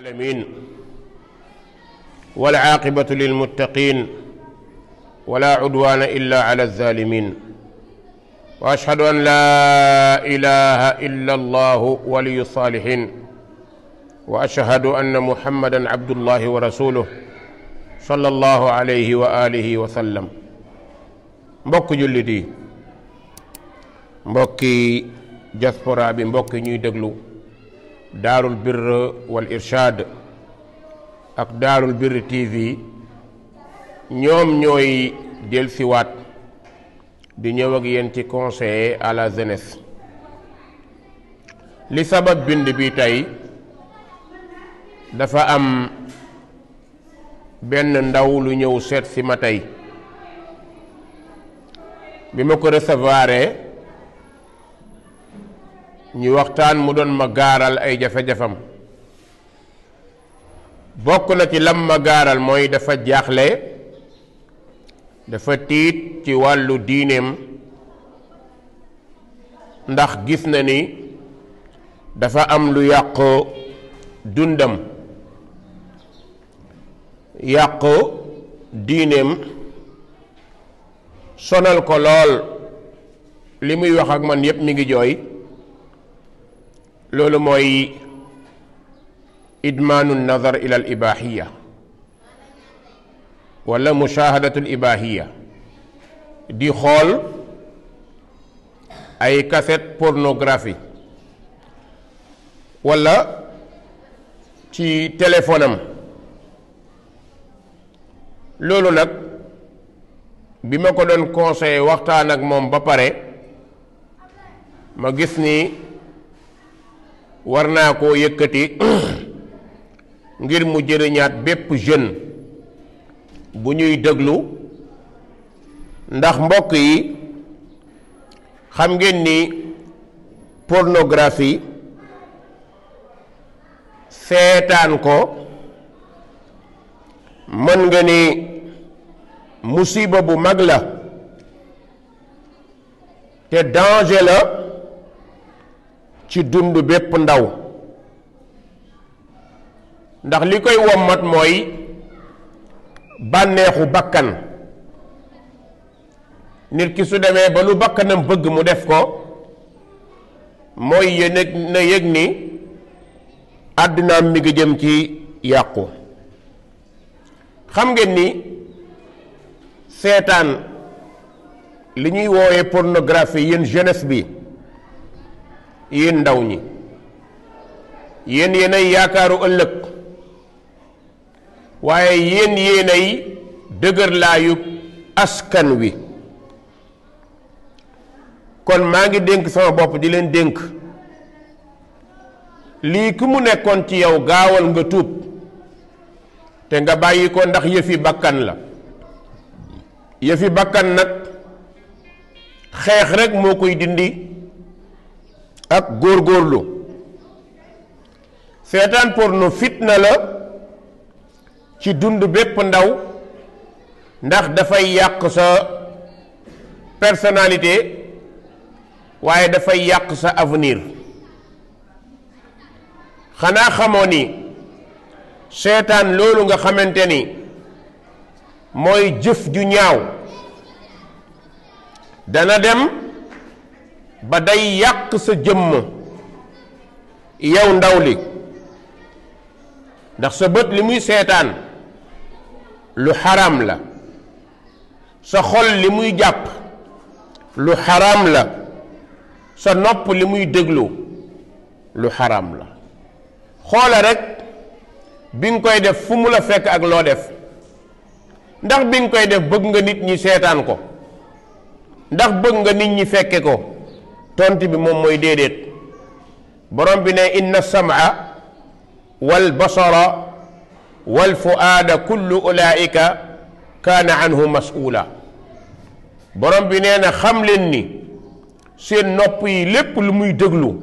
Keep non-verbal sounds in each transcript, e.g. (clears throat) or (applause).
العالمين والعاقبة للمتقين ولا عدوان إلا على الظالمين وأشهد أن لا إله إلا الله ولي الصالحين وأشهد أن محمدا عبد الله ورسوله صلى الله عليه وآله وسلم mbokk jullit yi mbokki diaspora bi mbokki ñuy déglu daarul birr wal irshad ak daarul birr tv ñoom ñooy delsiwaat di ñëw ak yéen ci conseiller à la jeunesse li sabab bind bi tey dafa am benn ndaw lu ñëw seet si ma tey bi ma ko recevoir ñu waxtaan mu doon ma gaaral ay jafe-jafam bokk na ci lam ma gaaral mooy dafa jaaxle dafa tiit ci wàllu diineem ndax gis na ni dafa am lu yàq dundam yàq diineem sonal ko lool li muy wax ak man yépp mi ngi jooy loolu mooy idmaanu nazar ila al ibahiya wala mushahadatul ibahiya di xool ay cassette pornographie wala ci téléphone loolu nag bi ma ko doon conseillé waxtaan ak moom ba pare ma gis ni war naa koo yëkkati (clears throat) ngir mu jëriñaat bépp jeune bu ñuy déglu ndax mbokk yi xam ngeen ni pornographie seetaan ko mën nga ni musiba bu mag la te danger la ci dund bépp ndaw ndax li koy wommat mooy bànneexu bakkan nit ki su demee ba lu bakkanam bëgg mu def ko mooy yéene na yëg ni àddina mi ngi jëm ci yàqu xam ngeen ni seetaan li ñuy woowe pornographie yéen jeunesse bi yéen ndaw ñi yéen yéenay yaakaaru ëllëg waaye yéen yéenay dëgër laayu askan wi kon maa ngi dénk sama bopp di leen dénk lii ku mu nekkoon ci yow gaawal nga tuub te nga bàyyi ko ndax yëfi bakkan la yëfi bakkan nag xeex rekk moo koy dindi ak góor góorgóorlu seetaan porno fitna la ci dund bépp ndaw ndax dafay yàq sa personnalité waaye dafay yàq sa avenir xanaa xamoo ni seetaan loolu nga xamante ni mooy jëf ju ñaaw dana dem ba day yàq sa jëmm yow ndaw li ndax sa bët li muy seetaan lu xaram la sa xol li muy jàpp lu xaram la sa nopp li muy déglu lu xaram la xoola rek bi nga koy def fu mu la fekk ak loo def ndax bi nga koy def bëgg nga nit ñi seetaan ko ndax bëgg nga nit ñi fekke ko tontu bi moom mooy déedéet borom bi ne inna samaa wal basara wal fuaada kullu ulaika kaana anhu masuula borom bi nee na xam leen ni seen nopp yi lépp lu muy déglu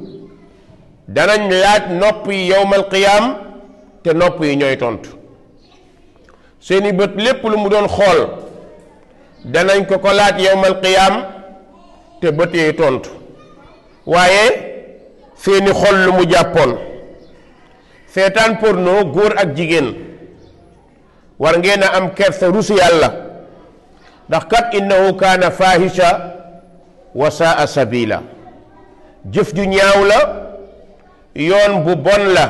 danañ laaj nopp yi yowmal qiyaam te nopp yi ñooy tontu seeni bët lépp lu mu doon xool danañ ko ko laaj yowmal qiyaam te bët yi tontu waaye seeni xol lu mu jàppoon seetaan porno góor ak jigéen war ngeen a am kersa rusu yàlla ndax kat innahu kaana fahisha wa saa jëf ju ñaaw la yoon bu bon la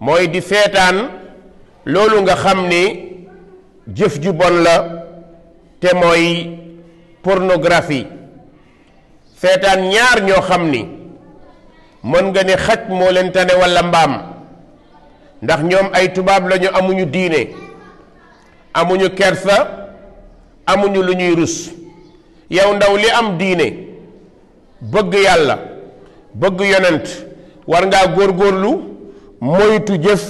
mooy di seetaan loolu nga xam ni jëf ju bon la te mooy pornographie seetaan ñaar ñoo xam ni mën nga ni xaj moo leen tane walla mbaam ndax ñoom ay tubaab lañu amuñu diine amuñu kersa amuñu lu ñuy rus yow ndaw li am diine bëgg yàlla bëgg yonent war ngaa góorlu moytu jëf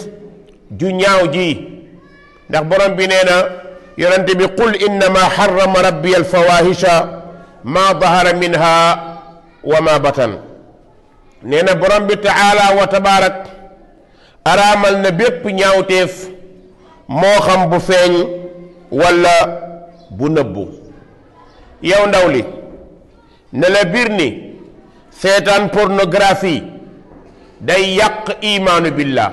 ju ñaaw ji ndax borom bi nee na yonent bi qul innama xarama rabbi alfawahisha ma dahara minha wa ma batan nee na borom bi taala wa tabaarak araamal na bépp ñaawteef moo xam bu feeñ walla bu nëbbu yow ndaw li ne la biir ni seetaan pornographie day yàq imaanu billah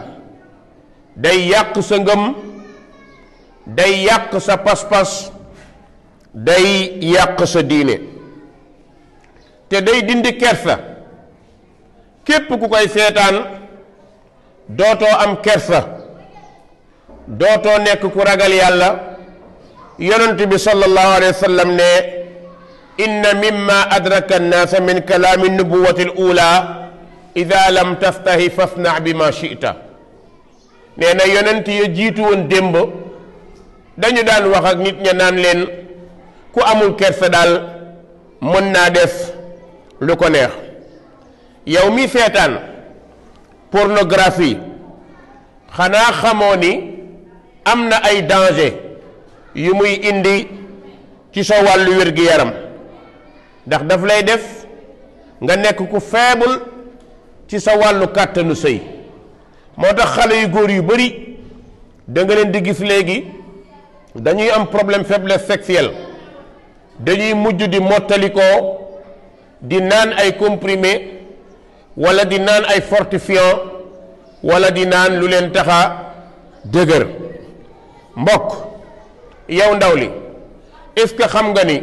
day yàq sa ngëm day yàq sa pas-pas day yàq sa diine te day dindi kersa képp ku koy seetaan dootoo am kersa dootoo nekk ku ragal yàlla yonent bi sallallahu alayhi wa sallam ne inna mimma adraka annaasa min kalaami nubuwati al ula lam taftahi fasnax bi ma chita nee na yonent ya jiitu woon démb dañu daan wax ak nit ña naan leen ku amul kersa daal mën naa def lu ko neex yow mi seetaan pornographie xanaa xamoo ni am na ay dange yu muy indi ci sa wàllu wér-gi-yaram ndax daf lay def nga nekk ku faible ci sa wàllu kàttanu sëy moo tax xale yu góor yu bari danga leen di gis léegi dañuy am problème faiblesse sexuelle dañuy mujj di mottalikoo di naan ay comprimé wala di naan ay fortifion wala di naan lu leen taxa dëgër mbokk yow ndaw li est-ce que xam nga ni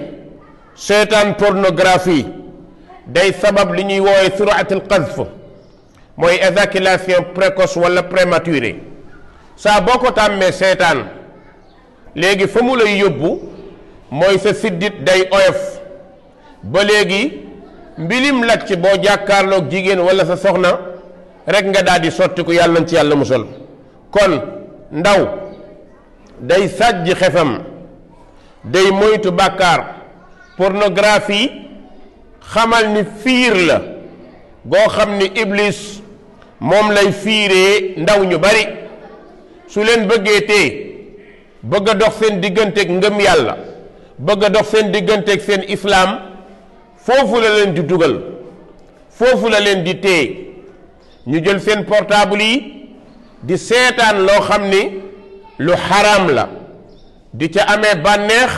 seetaan pornographie day sabab li ñuy woowee suraatul qazf mooy éjaculation précoce wala prématurée saa boo ko tàmmee seetaan léegi fa mu lay yóbbu mooy sa siddit day oyof ba léegi mbilim lacc boo jàkkaarloog jigéen wala sa soxna rekk nga daal di sottiku yàlla ci yàlla musal kon ndaw day sàjj xefam day moytu bàkkaar pornographie xamal ni fiir la goo xam ni iblis moom lay fiire ndaw ñu bari su leen bëggee tee bëgg a dox seen digganteeg ngëm yàlla bëgg a dox seen digganteeg seen islaam foofu la leen di dugal foofu la leen di téye ñu jël seen portable yi di seetaan loo xam ni lu xaraam la di ca amee bànneex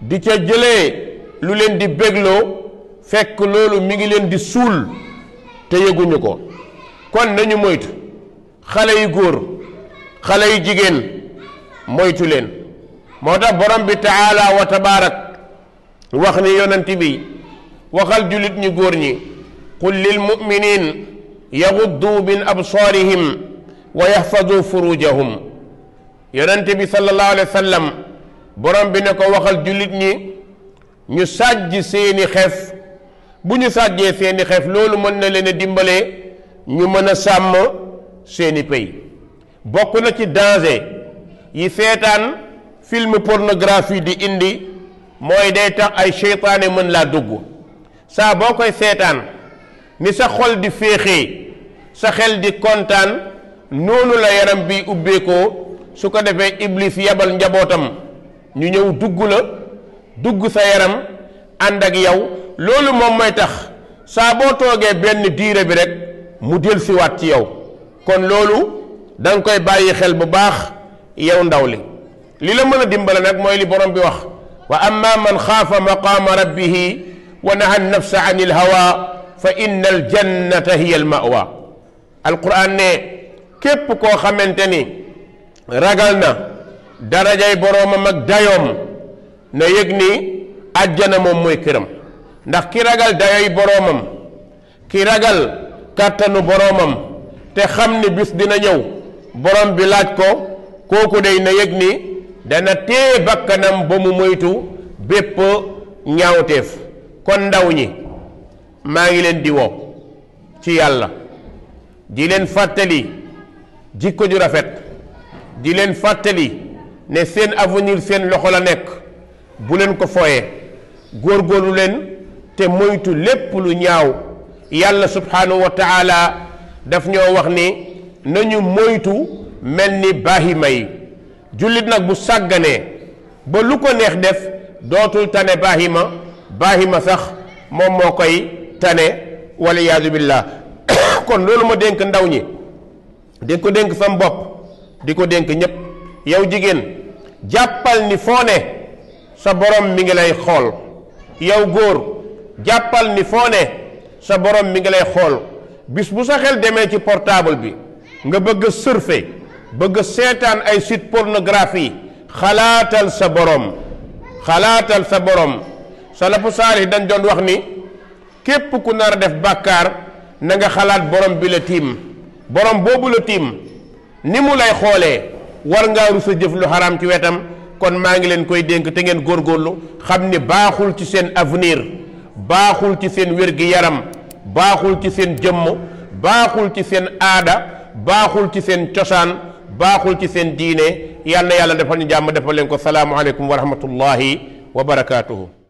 di ca jële lu leen di bégloo fekk loolu mi ngi leen di suul te yëguñu ko kon nañu moytu xale yu góor xale yu jigéen moytu leen moo tax borom bi taala wa wax ni yonent bi waxal jullit ñu góor ñi qul lil muminin yaxuddu min absaarihim wa yaxfadu furujahum yonente bi sallallahu alayhi wa sallam borom bi ne ko waxal jullit ñi ñu sàjj seeni xef bu ñu sàjjee seeni xef loolu mën na leen a dimbale ñu mën a sàmm seeni pay bokk na ci danger yi seetaan film pornographie di indi mooy day tax ay seytaane mën laa dugg saa boo koy seetaan ni sa xol di féexee sa xel di kontaan noonu la yaram bi ubbeekoo su ko defee iblis yabal njabootam ñu ñëw dugg la dugg sa yaram ànd ak yow loolu moom mooy tax saa boo toogee benn diire bi rek mu dellusiwaat ci yow kon loolu da koy bàyyi xel bu baax yow ndaw li li la mën a dimbale nag mooy li borom bi wax wa amma man xaafa maqaama rabbihi wa naha nafsa an il hawa fa inna al jannata hiya al mawa alquran ne képp koo xamante ni ragal na darajay boroomam ak dayoom na yëg ni àjjana moom mooy këram ndax ki ragal dayoy boroomam ki ragal kàttanu boroomam te xam ni bis dina ñëw borom bi laaj ko kooku day na yëg ni dana téye bakkanam ba mu moytu bépp ñaawteef kon ndaw ñi maa ngi leen di woo ci yàlla di leen fàttali jikko ju rafet di leen fàttali ne seen avenir seen loxo la nekk bu leen ko fooyee góorgóorlu leen te moytu lépp lu ñaaw yàlla subhanahu wa taala daf ñoo wax ni nañu moytu mel ni baahima yi jullit nag bu sàgganee ba lu ko neex def dootul tane baahima ma sax moom moo koy tane waliyaadu billah (coughs) kon loolu ma dénk ndaw ñi di ko dénk sa bopp di ko dénk ñépp yow jigéen jàppal ni foone sa borom mi ngi lay xool yow góor jàppal ni foo sa borom mi ngi lay xool bis bu sa xel demee ci portable bi nga bëgg a bëgg seetaan ay site pornographie xalaatal sa borom xalaatal sa borom salafu saalih dañ doon wax ni képp ku nar a def bàkkaar na nga xalaat borom bi la tiim borom boobu la tiim ni mu lay xoolee war ngaa rusa jëf lu xaraam ci wetam kon maa ngi leen koy dénk te ngeen góorgóorlu xam ni baaxul ci seen avenir baaxul ci seen wér-gi-yaram baaxul ci seen jëmm baaxul ci seen aada baaxul ci seen cosaan baaxul ci seen diine yàlla yàlla defal ñu jàmm defal leen ko salaamualeykum wa rahmatullahi wa barakaatuhu.